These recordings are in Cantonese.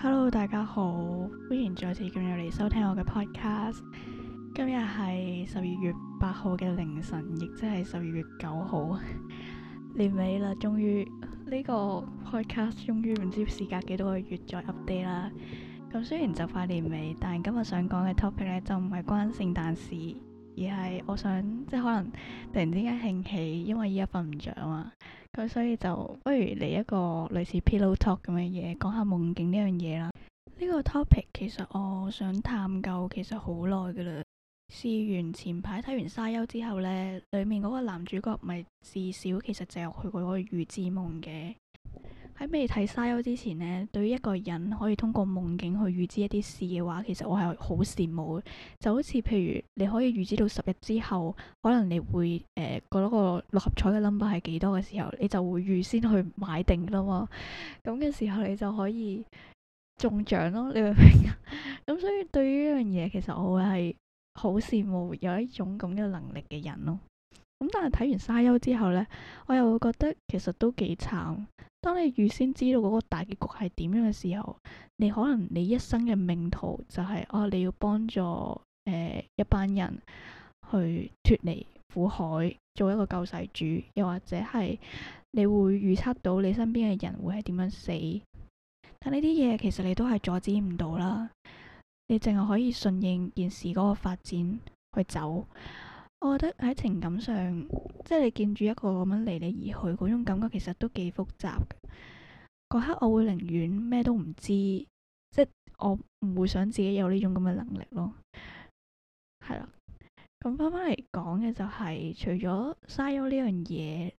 Hello，大家好，歡迎再次加入嚟收聽我嘅 podcast。今日係十二月八號嘅凌晨，亦即係十二月九號， 年尾啦，終於呢個 podcast 終於唔知時隔幾多個月再 update 啦。咁雖然就快年尾，但係今日想講嘅 topic 咧就唔係關聖誕事，而係我想即係可能突然之間興起，因為依家瞓唔着啊嘛。所以就不如嚟一個類似 Pillow Talk 咁嘅嘢，講下夢境呢樣嘢啦。呢、呢個 topic 其實我想探究其實好耐㗎啦。試完前排睇完《沙丘》之後呢，裡面嗰個男主角咪至少其實就入去過嗰個預知夢嘅。喺未睇沙丘之前呢，對於一個人可以通過夢境去預知一啲事嘅話，其實我係好羨慕。就好似譬如你可以預知到十日之後，可能你會誒嗰多個六合彩嘅 number 係幾多嘅時候，你就會預先去買定啦嘛。咁嘅時候你就可以中獎咯。你明唔明啊？咁 所以對於呢樣嘢，其實我係好羨慕有一種咁嘅能力嘅人咯。咁但係睇完沙丘之後呢，我又會覺得其實都幾慘。當你預先知道嗰個大結局係點樣嘅時候，你可能你一生嘅命途就係、是、哦、啊，你要幫助誒、呃、一班人去脫離苦海，做一個救世主，又或者係你會預測到你身邊嘅人會係點樣死，但呢啲嘢其實你都係阻止唔到啦，你淨係可以順應件事嗰個發展去走。我覺得喺情感上，即係你見住一個咁樣離你而去嗰種感覺，其實都幾複雜嘅。嗰刻我會寧願咩都唔知，即係我唔會想自己有呢種咁嘅能力咯。係啦，咁翻翻嚟講嘅就係、是，除咗嘥咗呢樣嘢，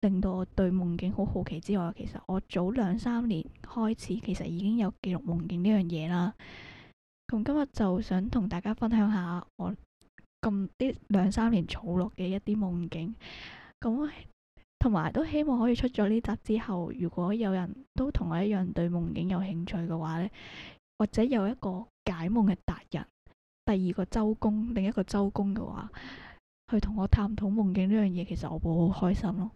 令到我對夢境好好奇之外，其實我早兩三年開始，其實已經有記錄夢境呢樣嘢啦。咁今日就想同大家分享下我。咁呢兩三年儲落嘅一啲夢境，咁同埋都希望可以出咗呢集之後，如果有人都同我一樣對夢境有興趣嘅話呢，或者有一個解夢嘅達人，第二個周公，另一個周公嘅話，去同我探討夢境呢樣嘢，其實我會好開心咯。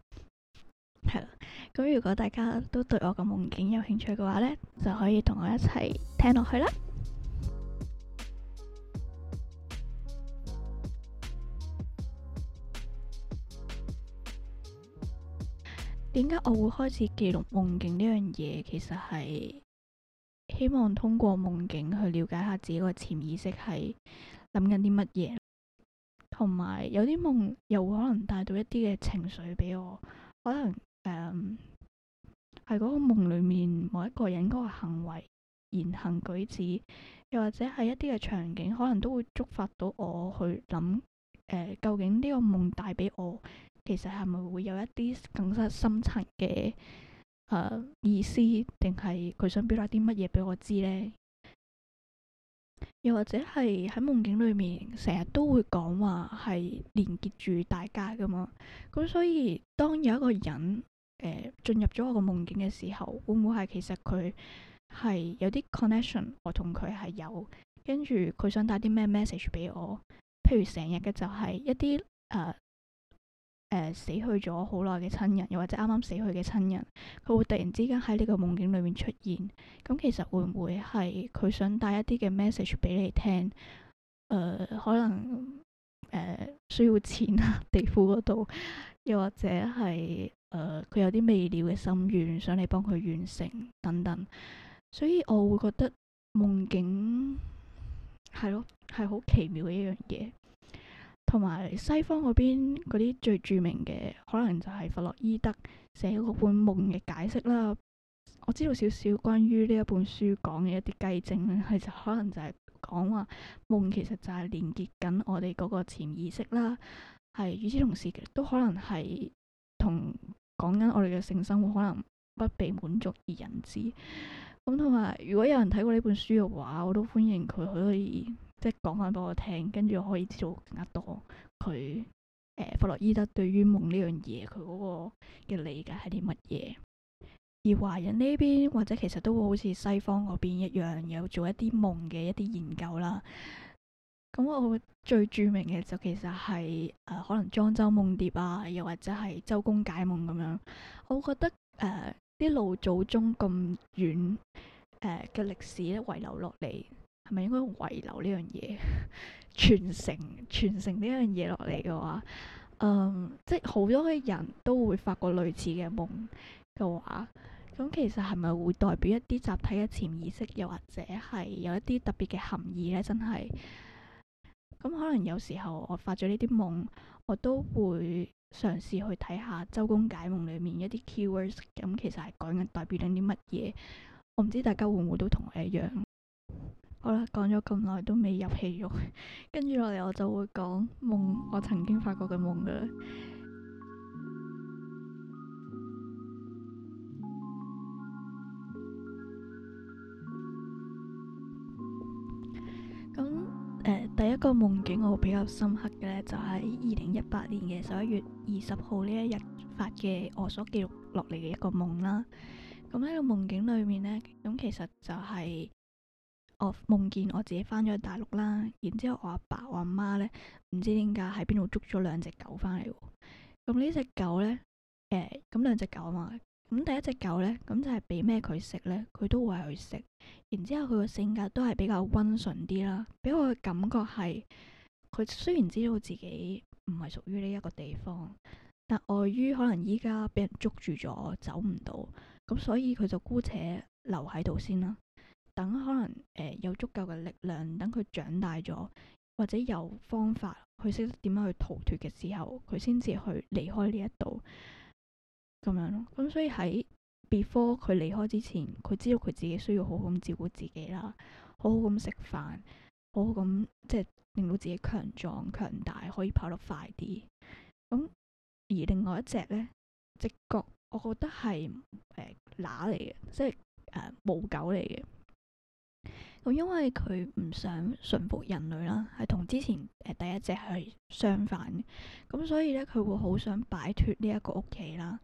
係啦，咁如果大家都對我嘅夢境有興趣嘅話呢，就可以同我一齊聽落去啦。點解我會開始記錄夢境呢樣嘢？其實係希望通過夢境去了解下自己個潛意識係諗緊啲乜嘢，同埋有啲夢又會可能帶到一啲嘅情緒俾我，可能誒，係、呃、嗰個夢裏面某一個人嗰個行為言行舉止，又或者係一啲嘅場景，可能都會觸發到我去諗、呃、究竟呢個夢帶俾我。其實係咪會有一啲更加深層嘅、呃、意思，定係佢想表達啲乜嘢俾我知呢？又或者係喺夢境裏面成日都會講話係連結住大家噶嘛？咁所以當有一個人誒呃、進入咗我個夢境嘅時候，會唔會係其實佢係有啲 connection 我同佢係有，跟住佢想帶啲咩 message 俾我？譬如成日嘅就係一啲誒、呃，死去咗好耐嘅親人，又或者啱啱死去嘅親人，佢會突然之間喺呢個夢境裏面出現，咁其實會唔會係佢想帶一啲嘅 message 俾你聽？誒、呃，可能誒、呃、需要錢啊， 地庫嗰度，又或者係誒佢有啲未了嘅心願，想你幫佢完成等等，所以我會覺得夢境係咯，係好奇妙嘅一樣嘢。同埋西方嗰邊嗰啲最著名嘅，可能就係弗洛伊德寫嗰本《夢嘅解釋》啦。我知道少少關於呢一本書講嘅一啲雞精，其實可能就係講話夢其實就係連結緊我哋嗰個潛意識啦。係與此同時，其實都可能係同講緊我哋嘅性生活可能不被滿足而人知。咁同埋，如果有人睇過呢本書嘅話，我都歡迎佢可以。即係講翻俾我聽，跟住可以知道更加多佢，弗洛伊德對於夢呢樣嘢佢嗰個嘅理解係啲乜嘢。而華人呢邊，或者其實都會好似西方嗰邊一樣，有做一啲夢嘅一啲研究啦。咁我最著名嘅就其實係誒、呃、可能莊周夢蝶啊，又或者係周公解夢咁樣。我覺得誒啲老祖宗咁遠誒嘅歷史咧遺留落嚟，係咪應該遺留呢樣嘢，傳承傳承呢樣嘢落嚟嘅話，嗯，即係好多嘅人都會發過類似嘅夢嘅話，咁其實係咪會代表一啲集體嘅潛意識，又或者係有一啲特別嘅含義呢？真係，咁可能有時候我發咗呢啲夢，我都會嘗試去睇下周公解夢裏面一啲 keywords，咁其實係講緊代表緊啲乜嘢？我唔知大家會唔會都同我一樣。好啦，講咗咁耐都未入戲肉。跟住落嚟，我就會講夢，我曾經發過嘅夢噶啦。咁誒、 呃，第一個夢境我比較深刻嘅咧，就喺二零一八年嘅十一月二十號呢一日發嘅，我所記錄落嚟嘅一個夢啦。咁呢個夢境裏面咧，咁其實就係、是。我夢見我自己返咗去大陸啦，然之後我阿爸我阿媽咧唔知點解喺邊度捉咗兩隻狗返嚟，咁呢隻狗咧，誒，咁兩隻狗啊嘛，咁第一隻狗咧，咁就係俾咩佢食咧，佢都會去食，然之後佢嘅性格都係比較温順啲啦，俾我嘅感覺係，佢雖然知道自己唔係屬於呢一個地方，但礙於可能依家俾人捉住咗，走唔到，咁所以佢就姑且留喺度先啦。等可能誒有足夠嘅力量，等佢長大咗，或者有方法，去識得點樣去逃脫嘅時候，佢先至去離開呢一度咁樣咯。咁、嗯、所以喺 before 佢離開之前，佢知道佢自己需要好好咁照顧自己啦，好好咁食飯，好好咁即係令到自己強壯、強大，可以跑得快啲。咁、嗯、而另外一隻呢，直覺我覺得係乸嚟嘅，即係誒母狗嚟嘅。因為佢唔想順服人類啦，係同之前第一隻係相反嘅，咁所以呢，佢會好想擺脫呢一個屋企啦。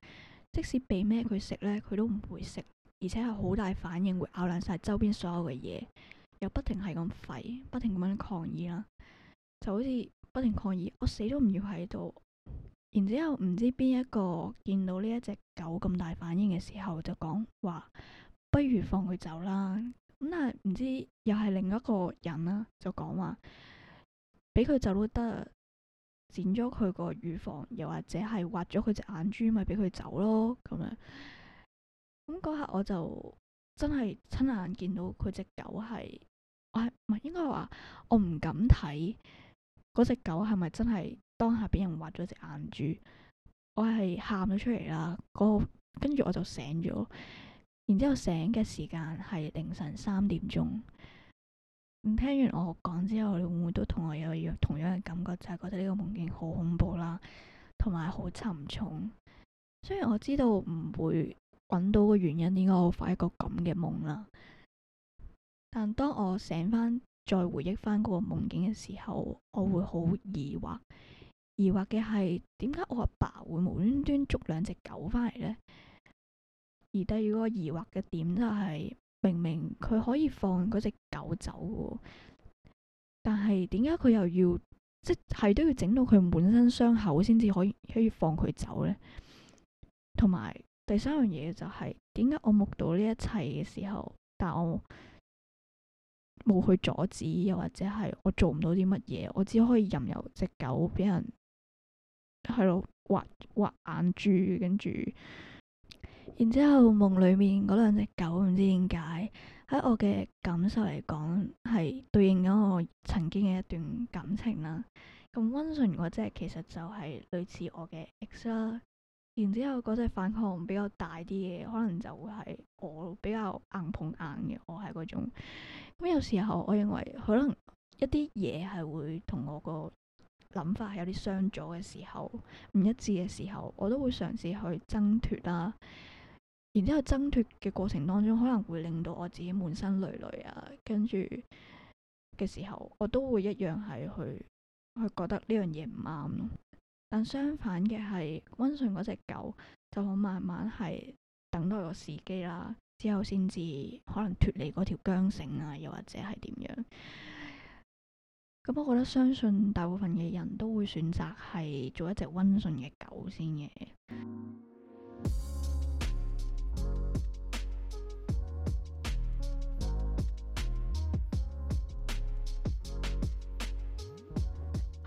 即使俾咩佢食呢，佢都唔會食，而且係好大反應，會咬爛晒周邊所有嘅嘢，又不停係咁吠，不停咁樣抗議啦，就好似不停抗議，我死都唔要喺度。然之後唔知邊一個見到呢一隻狗咁大反應嘅時候，就講話不如放佢走啦。咁但係唔知又係另一個人啦，就講話俾佢走都得，剪咗佢個乳房，又或者係挖咗佢隻眼珠，咪俾佢走咯咁樣。咁嗰刻我就真係親眼見到佢隻狗係，我係唔係應該話我唔敢睇嗰隻狗係咪真係當下俾人挖咗隻眼珠？我係喊咗出嚟啦，嗰跟住我就醒咗。然之後醒嘅時間係凌晨三點鐘。咁聽完我講之後，你會唔會都同我有同樣嘅感覺，就係覺得呢個夢境好恐怖啦，同埋好沉重。雖然我知道唔會搵到個原因，點解我發一個咁嘅夢啦。但當我醒返，再回憶返嗰個夢境嘅時候，我會好疑惑。疑惑嘅係，點解我阿爸會無端端捉兩隻狗返嚟呢？而第二個疑惑嘅點就係，明明佢可以放嗰隻狗走，但係點解佢又要即係都要整到佢滿身傷口先至可以可以放佢走呢？同埋第三樣嘢就係，點解我目睹呢一切嘅時候，但我冇去阻止，又或者係我做唔到啲乜嘢，我只可以任由隻狗俾人係度挖挖眼珠，跟住。然之後夢裏面嗰兩隻狗唔知點解喺我嘅感受嚟講係對應咗我曾經嘅一段感情啦。咁温順嗰隻其實就係類似我嘅 ex 啦。然之後嗰隻反抗比較大啲嘅，可能就會係我比較硬碰硬嘅，我係嗰種。咁有時候我認為可能一啲嘢係會同我個諗法係有啲相左嘅時候，唔一致嘅時候，我都會嘗試去掙脫啦。然之後掙脫嘅過程當中，可能會令到我自己滿身累累啊，跟住嘅時候，我都會一樣係去去覺得呢樣嘢唔啱。但相反嘅係，溫順嗰隻狗，就好慢慢係等多個時機啦，之後先至可能脫離嗰條韁繩啊，又或者係點樣。咁、嗯、我覺得，相信大部分嘅人都會選擇係做一隻溫順嘅狗先嘅。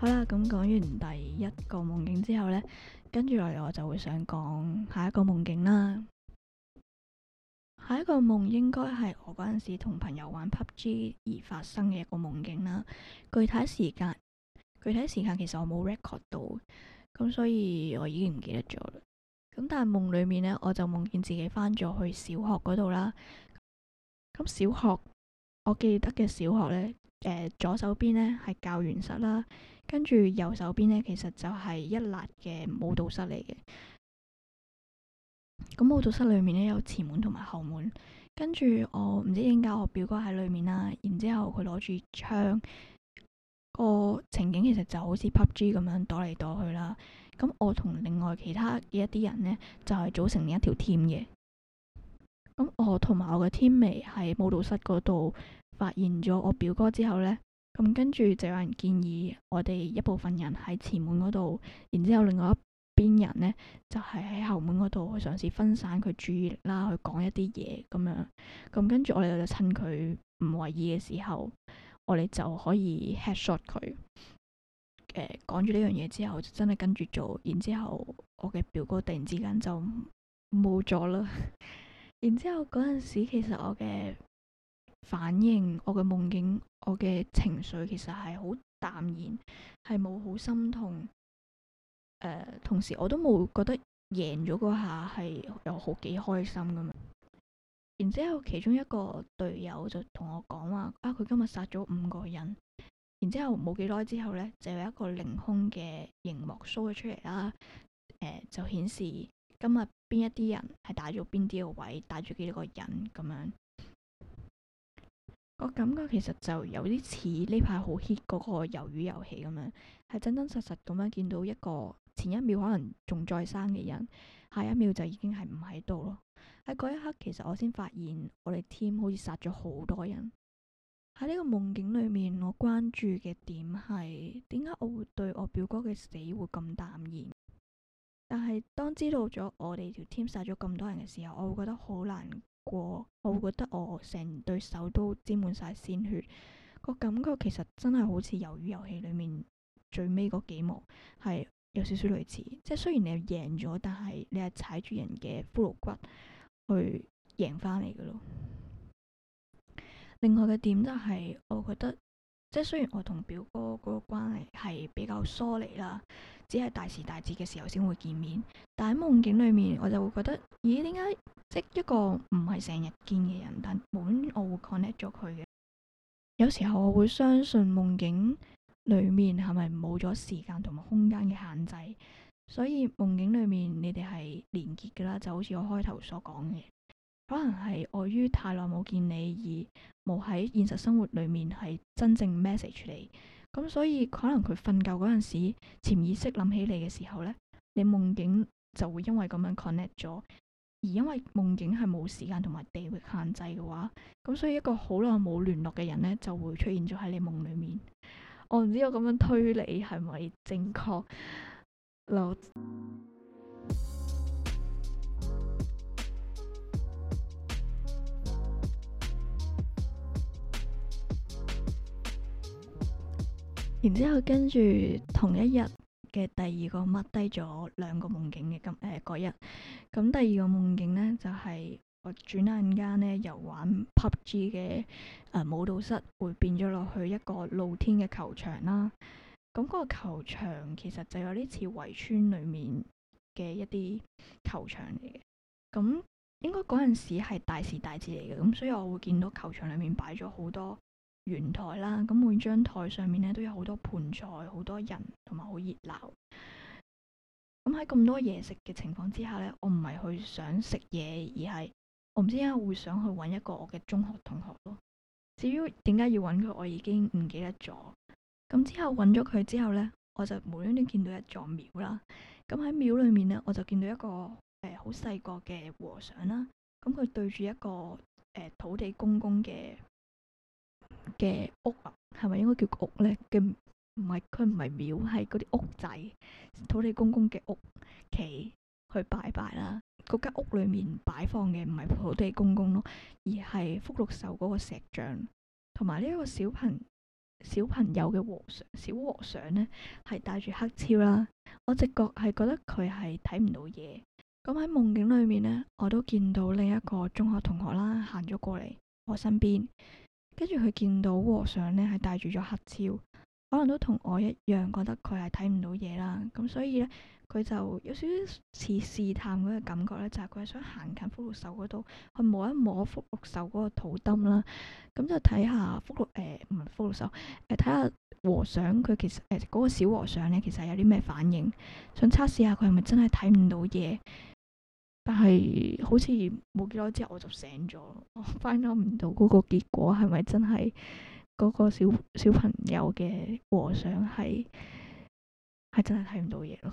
好啦，咁講完第一個夢境之後呢，跟住落嚟我就會想講下一個夢境啦。下一個夢應該係我嗰陣時同朋友玩 PUBG 而發生嘅一個夢境啦。具體時間，具體時間其實我冇 record 到，咁所以我已經唔記得咗啦。咁但係夢裏面呢，我就夢見自己翻咗去小學嗰度啦。咁小學，我記得嘅小學呢，誒、呃，左手邊呢係教員室啦。跟住右手邊呢，其實就係一辣嘅舞蹈室嚟嘅。咁、嗯、舞蹈室裏面呢，有前門同埋後門。跟住我唔知點解我表哥喺裏面啦，然之後佢攞住槍，個情景其實就好似 pubg 咁樣躲嚟躲去啦。咁、嗯、我同另外其他嘅一啲人呢，就係、是、組成一條 team 嘅。咁、嗯、我同埋我嘅 teammate 喺舞蹈室嗰度發現咗我表哥之後呢，咁跟住就有人建議我哋一部分人喺前門嗰度，然之後另外一邊人呢就係喺後門嗰度去嘗試分散佢注意力啦，去講一啲嘢咁樣。咁跟住我哋就趁佢唔為意嘅時候，我哋就可以 headshot 佢。誒，講咗呢樣嘢之後，就真係跟住做。然之後我嘅表哥突然之間就冇咗啦。然之後嗰陣時其實我嘅反映我嘅夢境，我嘅情緒其實係好淡然，係冇好心痛。呃，同時我都冇覺得贏咗嗰下係有好幾開心咁樣。然之後其中一個隊友就同我講話：啊，啊，佢今日殺咗五個人。然之後冇幾耐之後呢，就有一個凌空嘅熒幕 show 咗出嚟啦，呃，就顯示今日邊一啲人係打咗邊啲個位，打住幾多個人咁樣。我感覺其實就有啲似呢排好 hit 嗰個魷魚遊戲咁樣，係真真實實咁樣見到一個前一秒可能仲在生嘅人，下一秒就已經係唔喺度咯。喺嗰一刻，其實我先發現我哋 team 好似殺咗好多人。喺呢個夢境裏面，我關注嘅點係點解我會對我表哥嘅死會咁淡然？但係當知道咗我哋條 team 殺咗咁多人嘅時候，我會覺得好難過我會覺得我成對手都沾滿晒鮮血，個感覺其實真係好似《魷魚遊戲》裏面最尾嗰幾幕係有少少類似，即係雖然你係贏咗，但係你係踩住人嘅骷髏骨去贏翻嚟噶咯。另外嘅點就係，我覺得。即係雖然我同表哥嗰個關係係比較疏離啦，只係大時大節嘅時候先會見面，但喺夢境裏面我就會覺得，咦、欸，點解即一個唔係成日見嘅人，但本我會 connect 咗佢嘅？有時候我會相信夢境裏面係咪冇咗時間同埋空間嘅限制？所以夢境裏面你哋係連結㗎啦，就好似我開頭所講嘅，可能係礙於太耐冇見你而。冇喺現實生活裏面係真正 message 你，咁所以可能佢瞓覺嗰陣時潛意識諗起你嘅時候呢，你夢境就會因為咁樣 connect 咗，而因為夢境係冇時間同埋地域限制嘅話，咁所以一個好耐冇聯絡嘅人呢，就會出現咗喺你夢裏面。我唔知我咁樣推理係咪正確，然之後跟，跟住同一日嘅第二個掹低咗兩個夢境嘅今誒日，咁、呃、第二個夢境呢，就係、是、我轉眼間呢，遊玩 PUBG 嘅誒、呃、舞蹈室，會變咗落去一個露天嘅球場啦。咁嗰個球場其實就有啲似圍村裡面嘅一啲球場嚟嘅。咁應該嗰陣時係大時大節嚟嘅，咁所以我會見到球場裏面擺咗好多。圓台啦，咁每張台上面咧都有好多盤菜，好多人，同埋好熱鬧。咁喺咁多嘢食嘅情況之下呢，我唔係去想食嘢，而係我唔知點解會想去揾一個我嘅中學同學咯。至於點解要揾佢，我已經唔記得咗。咁之後揾咗佢之後呢，我就無端端見到一座廟啦。咁喺廟裏面呢，我就見到一個誒好細個嘅和尚啦。咁佢對住一個、欸、土地公公嘅。嘅屋啊，係咪應該叫屋呢？嘅唔係，佢唔係廟，係嗰啲屋仔，土地公公嘅屋，企去拜拜啦。嗰間屋裏面擺放嘅唔係土地公公咯，而係福祿壽嗰個石像，同埋呢一個小朋小朋友嘅和尚，小和尚呢係戴住黑超啦。我直覺係覺得佢係睇唔到嘢。咁喺夢境裏面呢，我都見到另一個中學同學啦，行咗過嚟我身邊。跟住佢見到和尚呢係戴住咗黑超，可能都同我一樣覺得佢係睇唔到嘢啦。咁所以呢，佢就有少少似試探嗰個感覺呢，就係佢係想行近福祿壽嗰度去摸一摸福祿壽嗰個肚墩啦，咁就睇下福祿誒唔係福祿壽睇下、呃、和尚佢其實誒嗰、呃嗰個小和尚呢其實有啲咩反應，想測試下佢係咪真係睇唔到嘢。但係好似冇幾耐之後我就醒咗，我 find 唔到嗰個結果係咪真係嗰個小小朋友嘅和尚係係真係睇唔到嘢咯。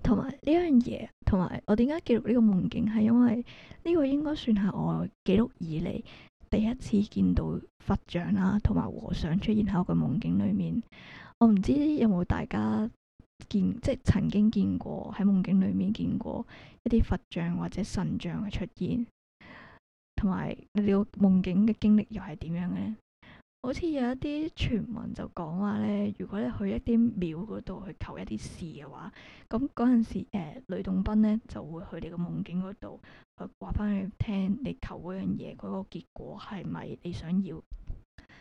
同埋呢樣嘢，同埋我點解記錄呢個夢境係因為呢個應該算係我記錄以嚟第一次見到佛像啦、啊，同埋和尚出現喺我嘅夢境裡面。我唔知有冇大家。見即曾經見過喺夢境裡面見過一啲佛像或者神像嘅出現，同埋你個夢境嘅經歷又係點樣呢？好似有一啲傳聞就講話呢，如果你去一啲廟嗰度去求一啲事嘅話，咁嗰陣時誒，呂洞賓呢就會去你個夢境嗰度去話翻佢聽你求嗰樣嘢嗰個結果係咪你想要？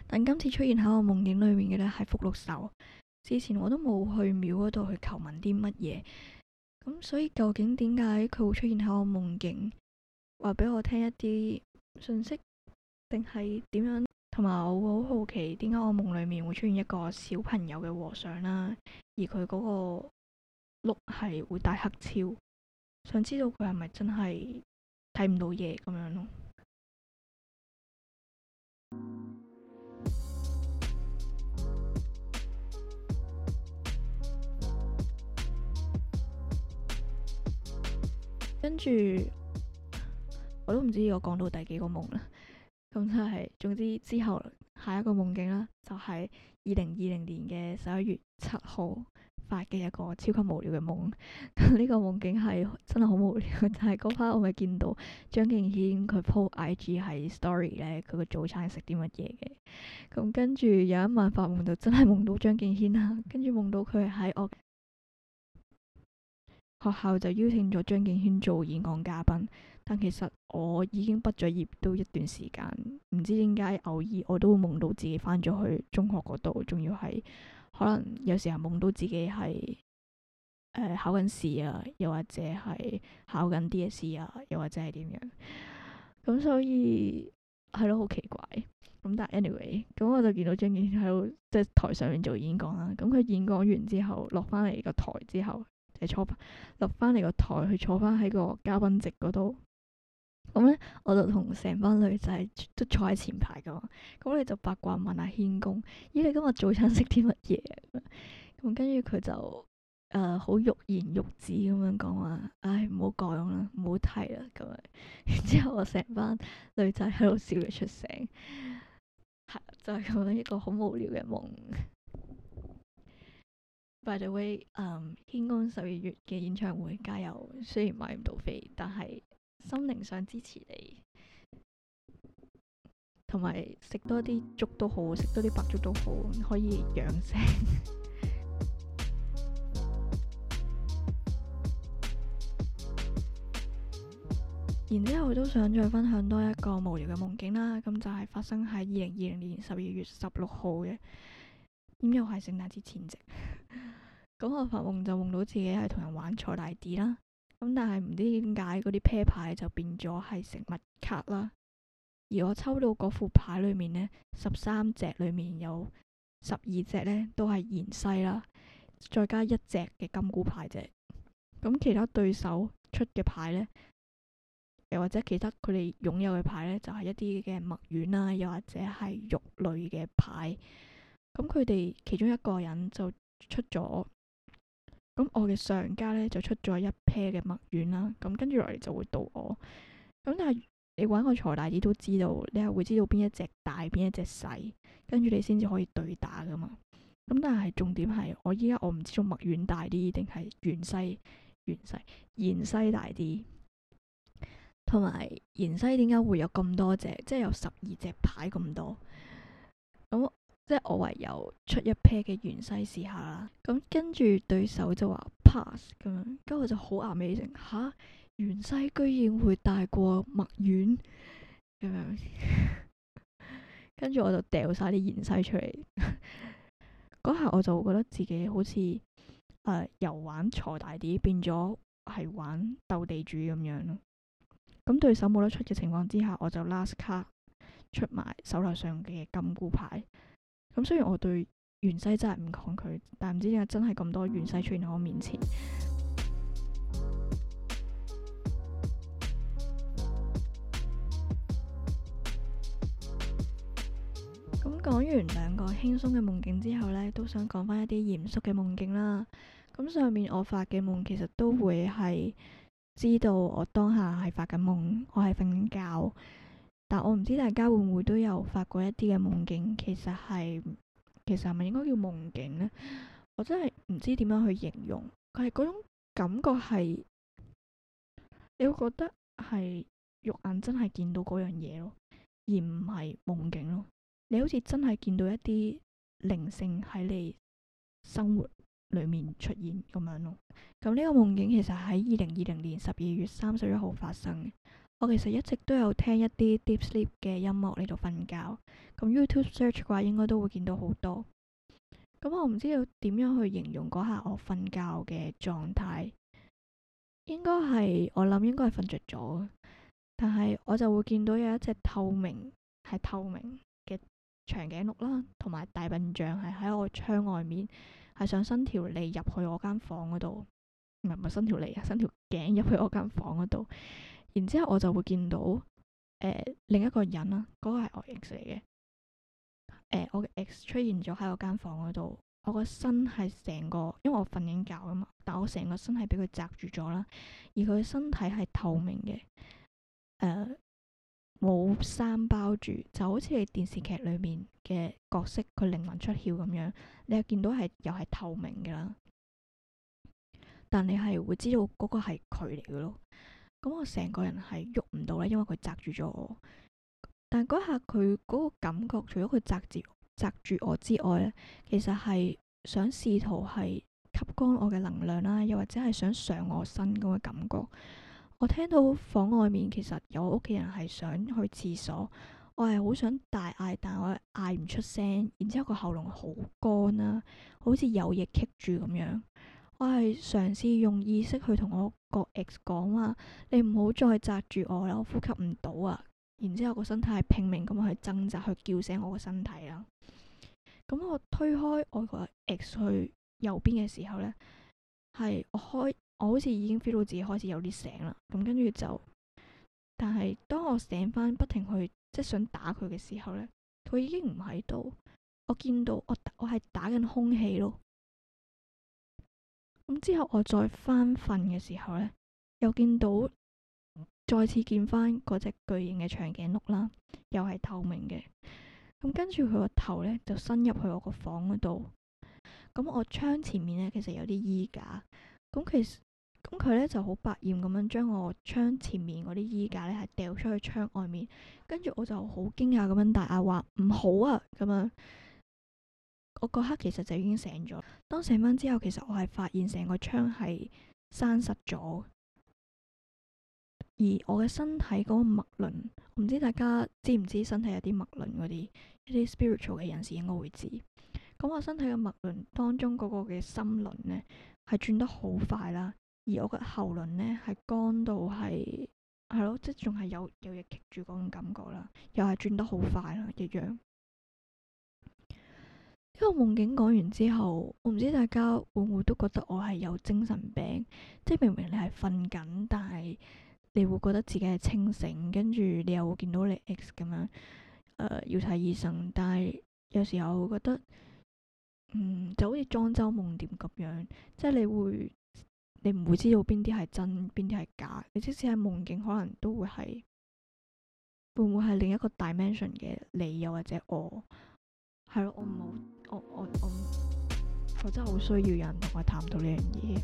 但今次出現喺我夢境裡面嘅呢，係福祿壽。之前我都冇去廟嗰度去求問啲乜嘢，咁所以究竟點解佢會出現喺我夢境，話俾我聽一啲信息，定係點樣？同埋我好好奇點解我夢裏面會出現一個小朋友嘅和尚啦，而佢嗰個碌係會戴黑超，想知道佢係咪真係睇唔到嘢咁樣咯？跟住，我都唔知我講到第幾個夢啦。咁就係、是，總之之後下一個夢境啦，就係二零二零年嘅十一月七號發嘅一個超級無聊嘅夢。呢、這個夢境係真係好無聊，但係嗰排我咪見到張敬軒佢鋪 IG 係 story 咧，佢個早餐係食啲乜嘢嘅。咁跟住有一晚發夢就真係夢到張敬軒啦，跟住夢到佢喺我。學校就邀請咗張敬軒做演講嘉賓，但其實我已經畢咗業都一段時間，唔知點解偶爾我都會夢到自己翻咗去中學嗰度，仲要係可能有時候夢到自己係、呃、考緊試啊，又或者係考緊 DSE 啊，又或者係點樣，咁所以係咯，好奇怪，咁但係 anyway，咁我就見到張敬軒喺度即係台上面做演講啦，咁佢演講完之後落翻嚟個台之後。你坐翻落翻嚟個台，去坐翻喺個嘉賓席嗰度。咁、嗯、咧，我就同成班女仔都坐喺前排噶嘛。咁、嗯、你就八卦問阿謙公：咦，你今日早餐食啲乜嘢？咁跟住佢就誒，好、呃、欲言欲止咁樣講話。唉，唔好講啦，唔好睇啦，咁、嗯、啊。然、嗯嗯、之後我成班女仔喺度笑住出聲，係、嗯嗯 嗯、 就係咁樣一個好無聊嘅夢。By the way，嗯，謙光十二月嘅演唱會加油！雖然買唔到飛，但係心靈上支持你。同埋食多啲粥都好，食多啲白粥都好，可以養精。 然之後都想再分享多一個無聊嘅夢境啦，咁就係發生喺二零二零年十二月十六號嘅，咁又係聖誕節前夕。咁 我發夢就夢到自己係同人玩坐大 D 啦，咁但係唔知點解嗰啲啤牌就變咗係食物卡啦，而我抽到嗰副牌裏面呢，十三隻裏面有十二隻呢都係芫茜啦，再加一隻嘅金菇牌啫，咁其他對手出嘅牌呢，又或者其他佢哋擁有嘅牌呢，就係、是、一啲嘅墨丸啦，又或者係肉類嘅牌，咁佢哋其中一個人就。出咗，咁我嘅上家呢，就出咗一 pair 嘅墨丸啦，咁跟住落嚟就會到我。咁但係你玩過財大啲都知道，你係會知道邊一隻大邊一隻細，跟住你先至可以對打噶嘛。咁但係重點係我依家我唔知道墨丸大啲定係芫西芫西芫西大啲，同埋芫西點解會有咁多隻，即係有十二隻牌咁多，咁。即係我唯有出一 pair 嘅芫茜試下啦，咁跟住對手就話 pass 咁樣，咁跟住我就好 amazing 吓，芫茜居然會大過墨丸咁樣，跟 住我就掉晒啲芫茜出嚟，嗰 下我就覺得自己好似誒遊玩鋤大 D，變咗係玩鬥地主咁樣咯。咁對手冇得出嘅情況之下，我就 last card 出埋手頭上嘅金菇牌。咁雖然我對元西真係唔抗拒，但唔知點解真係咁多元西出現喺我面前。咁講 完兩個輕鬆嘅夢境之後呢，都想講翻一啲嚴肅嘅夢境啦。咁上面我發嘅夢其實都會係知道我當下係發緊夢，我係瞓緊覺。但我唔知大家會唔會都有發過一啲嘅夢境，其實係其實係咪應該叫夢境呢？我真係唔知點樣去形容，但係嗰種感覺係你會覺得係肉眼真係見到嗰樣嘢咯，而唔係夢境咯。你好似真係見到一啲靈性喺你生活裏面出現咁樣咯。咁呢個夢境其實喺二零二零年十二月三十一號發生嘅。我其實一直都有聽一啲 deep sleep 嘅音樂嚟度瞓覺，咁 YouTube search 嘅話，應該都會見到好多。咁我唔知要點樣去形容嗰下我瞓覺嘅狀態，應該係我諗應該係瞓着咗。但係我就會見到有一隻透明係透明嘅長頸鹿啦，同埋大笨象係喺我窗外面，係想伸條脷入去我間房嗰度，唔係，唔係伸條脷啊，伸條頸入去我間房嗰度。然之後我就會見到誒、呃，另一個人啦，嗰、那個係我 x 嚟嘅。誒、呃，我嘅 x 出現咗喺我間房嗰度，我個身係成個，因為我瞓緊覺啊嘛，但我成個身係俾佢罩住咗啦，而佢嘅身體係透明嘅，誒、呃，冇衫包住，就好似你電視劇裏面嘅角色佢靈魂出竅咁樣，你又見到係又係透明噶啦，但你係會知道嗰個係佢嚟嘅咯。咁、嗯、我成個人係喐唔到啦，因為佢扎住咗我。但嗰下佢嗰個感覺，除咗佢扎住扎住我之外咧，其實係想試圖係吸乾我嘅能量啦，又或者係想上我身咁嘅感覺。我聽到房外面其實有屋企人係想去廁所，我係好想大嗌，但我嗌唔出聲。然之後個喉嚨好乾啦，好似有嘢棘住咁樣。我係嘗試用意識去同我。個 X 講話，你唔好再紮住我啦，我呼吸唔到啊！然之後個身體係拼命咁去掙扎，去叫醒我個身體啦。咁我推開我個 X 去右邊嘅時候咧，係我開，我好似已經 feel 到自己開始有啲醒啦。咁跟住就，但係當我醒翻，不停去即係想打佢嘅時候咧，佢已經唔喺度。我見到我，我係打緊空氣咯。咁之後我再翻瞓嘅時候呢，又見到再次見翻嗰隻巨型嘅長頸鹿啦，又係透明嘅。咁跟住佢個頭呢，就伸入去我個房嗰度。咁我窗前面呢，其實有啲衣架。咁其實咁佢呢就好百厭咁樣將我窗前面嗰啲衣架呢，係掉出去窗外面。跟住我就好驚訝咁樣大嗌，話唔好啊咁樣。我嗰刻其實就已經醒咗，當醒翻之後，其實我係發現成個窗係閂實咗，而我嘅身體嗰個脈輪，唔知大家知唔知身體有啲脈輪嗰啲，一啲 spiritual 嘅人士應該會知。咁我身體嘅脈輪當中嗰個嘅心輪呢，係轉得好快啦，而我嘅喉輪呢，係乾到係係咯，即仲係有有嘢棘住嗰種感覺啦，又係轉得好快啦，一樣。一個夢境講完之後，我唔知大家會唔會都覺得我係有精神病，即係明明你係瞓緊，但係你會覺得自己係清醒，跟住你又會見到你 X 咁樣，誒要睇醫生，但係有時候我覺得，嗯，就好似莊周夢蝶咁樣，即係你會你唔會知道邊啲係真，邊啲係假？你即使喺夢境，可能都會係會唔會係另一個 dimension 嘅你又或者我？係咯，我冇。我我我真係好需要有人同我探討呢樣嘢。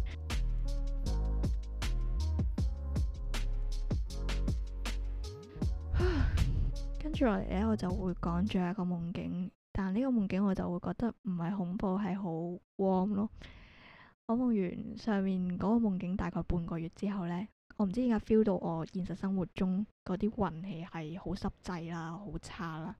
跟住落嚟咧，我就會講最後一個夢境。但呢個夢境我就會覺得唔係恐怖，係好 warm 咯。我夢完上面嗰個夢境大概半個月之後呢，我唔知點解 feel 到我現實生活中嗰啲運氣係好濕滯啦，好差啦。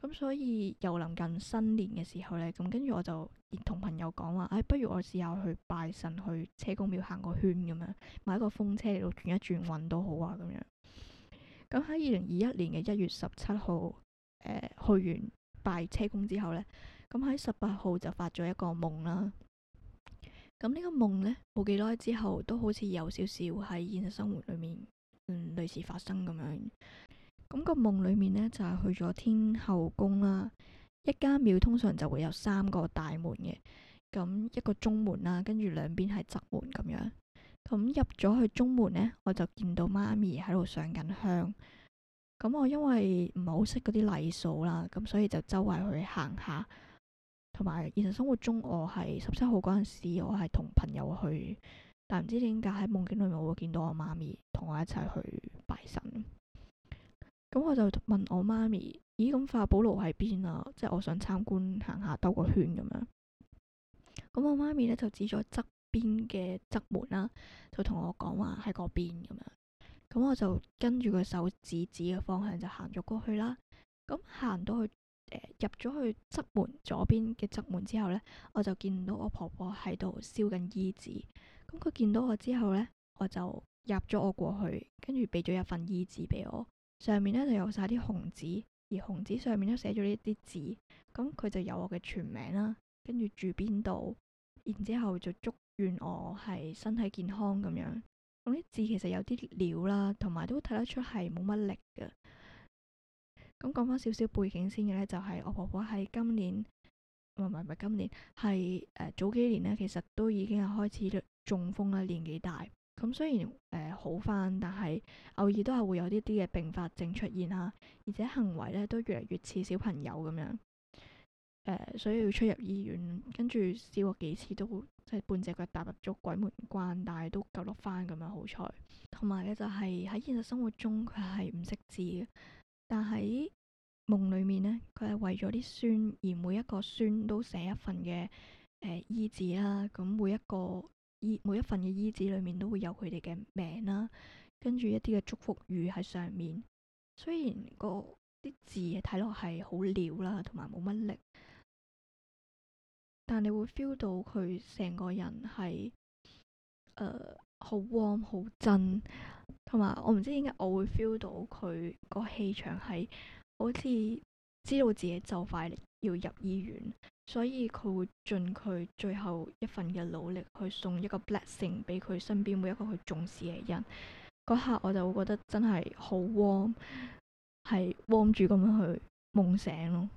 咁、嗯、所以又臨近新年嘅時候咧，咁跟住我就同朋友講話，哎，不如我試下去拜神，去車公廟行個圈咁樣，買一個風車嚟度轉一轉運都好啊，咁樣。咁喺二零二一年嘅一月十七號，誒、呃，去完拜車公之後咧，咁喺十八號就發咗一個夢啦。咁呢個夢咧，冇幾耐之後都好似有少少喺現實生活裏面，嗯，類似發生咁樣。咁個夢裏面呢，就係去咗天后宮啦，一間廟通常就會有三個大門嘅，咁一個中門啦，跟住兩邊係側門咁樣。咁入咗去中門呢，我就見到媽咪喺度上緊香。咁我因為唔係好識嗰啲禮數啦，咁所以就周圍去行下，同埋現實生活中我係十七號嗰陣時，我係同朋友去，但唔知點解喺夢境裏面我會見到我媽咪同我一齊去拜神。咁我就問我媽咪，咦，咁化寶爐喺邊啊？即係我想參觀行下，兜個圈咁樣。咁我媽咪咧就指咗側邊嘅側門啦，就同我講話喺嗰邊咁樣。咁我就跟住個手指指嘅方向就行咗過去啦。咁行到去誒入咗去側門左邊嘅側門之後咧，我就見到我婆婆喺度燒緊衣紙。咁佢見到我之後咧，我就入咗我過去，跟住俾咗一份衣紙俾我。上面咧就有晒啲紅紙，而紅紙上面都寫咗呢啲字，咁佢就有我嘅全名啦，跟住住邊度，然之後，後就祝願我係身體健康咁樣。咁啲字其實有啲潦啦，同埋都睇得出係冇乜力嘅。咁講翻少少背景先嘅咧，就係、是、我婆婆喺今年，唔係唔係今年，係誒、呃、早幾年咧，其實都已經係開始中風啦，年紀大。咁雖然誒、呃、好翻，但係偶爾都係會有呢啲嘅併發症出現啦，而且行為咧都越嚟越似小朋友咁樣，誒、呃，所以要出入醫院，跟住試過幾次都即係半隻腳踏入咗鬼門關，但係都救落翻咁樣好彩。同埋咧就係、是、喺現實生活中佢係唔識字嘅，但喺夢裏面咧佢係為咗啲孫而每一個孫都寫一份嘅誒、呃、醫字啦，咁、啊、每一個。每一份嘅衣紙裏面都會有佢哋嘅名啦，跟住一啲嘅祝福語喺上面。雖然個啲字睇落係好潦啦，同埋冇乜力，但你會 feel 到佢成個人係誒好 warm 好真，同埋我唔知點解我會 feel 到佢個氣場係好似知道自己就快要入醫院，所以佢會盡佢最後一份嘅努力去送一個 blessing 俾佢身邊每一個佢重視嘅人。嗰刻我就會覺得真係好 warm，係 warm 住咁樣去夢醒咯。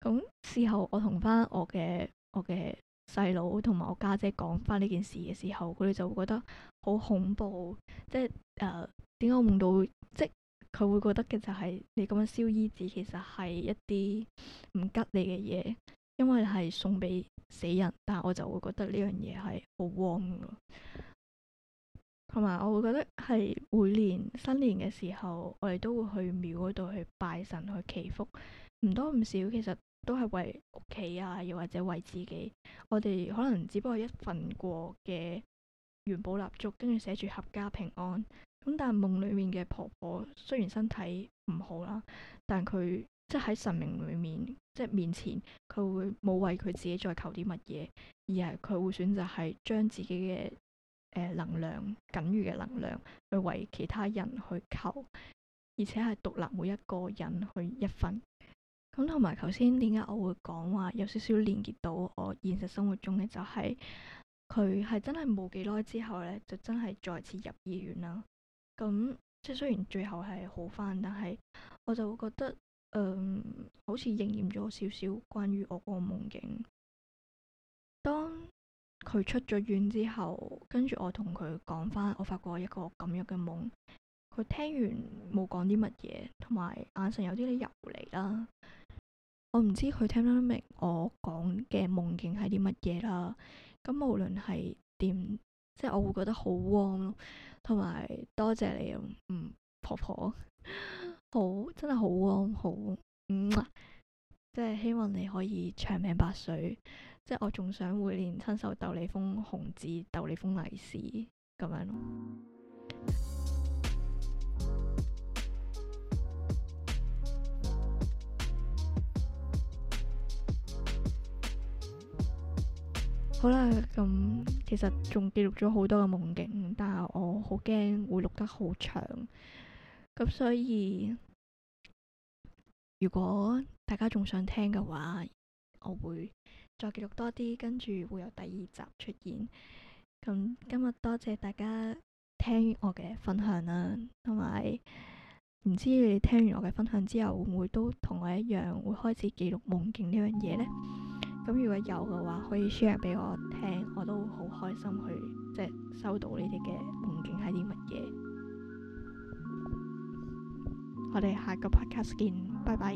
咁事後我同翻我嘅我嘅細佬同埋我家姐講翻呢件事嘅時候，佢哋就會覺得好恐怖，即係誒，點解我夢到即？佢會覺得嘅就係你咁樣燒衣紙其實係一啲唔吉利嘅嘢，因為係送俾死人。但係我就會覺得呢樣嘢係好 warm。同埋我會覺得係每年新年嘅時候，我哋都會去廟嗰度去拜神、去祈福，唔多唔少其實都係為屋企啊，又或者為自己。我哋可能只不過一份過嘅元寶蠟燭，跟住寫住合家平安。咁但係夢裏面嘅婆婆雖然身體唔好啦，但佢即係喺神明裏面，即係面前，佢會冇為佢自己再求啲乜嘢，而係佢會選擇係將自己嘅誒、呃、能量僅餘嘅能量去為其他人去求，而且係獨立每一個人去一份。咁同埋頭先，點解我會講話有少少連結到我現實生活中咧，就是，就係佢係真係冇幾耐之後咧，就真係再次入醫院啦。咁即係雖然最後係好翻，但係我就會覺得，嗯，好似應驗咗少少關於我個夢境。當佢出咗院之後，跟住我同佢講翻，我發過一個咁樣嘅夢。佢聽完冇講啲乜嘢，同埋眼神有啲啲遊離啦。我唔知佢聽唔聽得明我講嘅夢境係啲乜嘢啦。咁無論係點。即係我會覺得好 warm 咯，同埋多謝你呀，嗯、婆婆， 好真係好 warm 好，嗯、即係希望你可以長命百歲，即係我仲想每年親手逗你封紅紙，逗你封利是咁樣咯。好啦，咁、嗯、其實仲記錄咗好多嘅夢境，但係我好驚會錄得好長，咁所以如果大家仲想聽嘅話，我會再記錄多啲，跟住會有第二集出現。咁今日多謝大家聽我嘅分享啦，同埋唔知你哋聽完我嘅分享之後會唔會都同我一樣會開始記錄夢境呢樣嘢呢？咁、嗯、如果有嘅話，可以 share 俾我聽，我都好開心去即係收到你哋嘅夢境係啲乜嘢。 我哋下個 podcast 見，拜拜。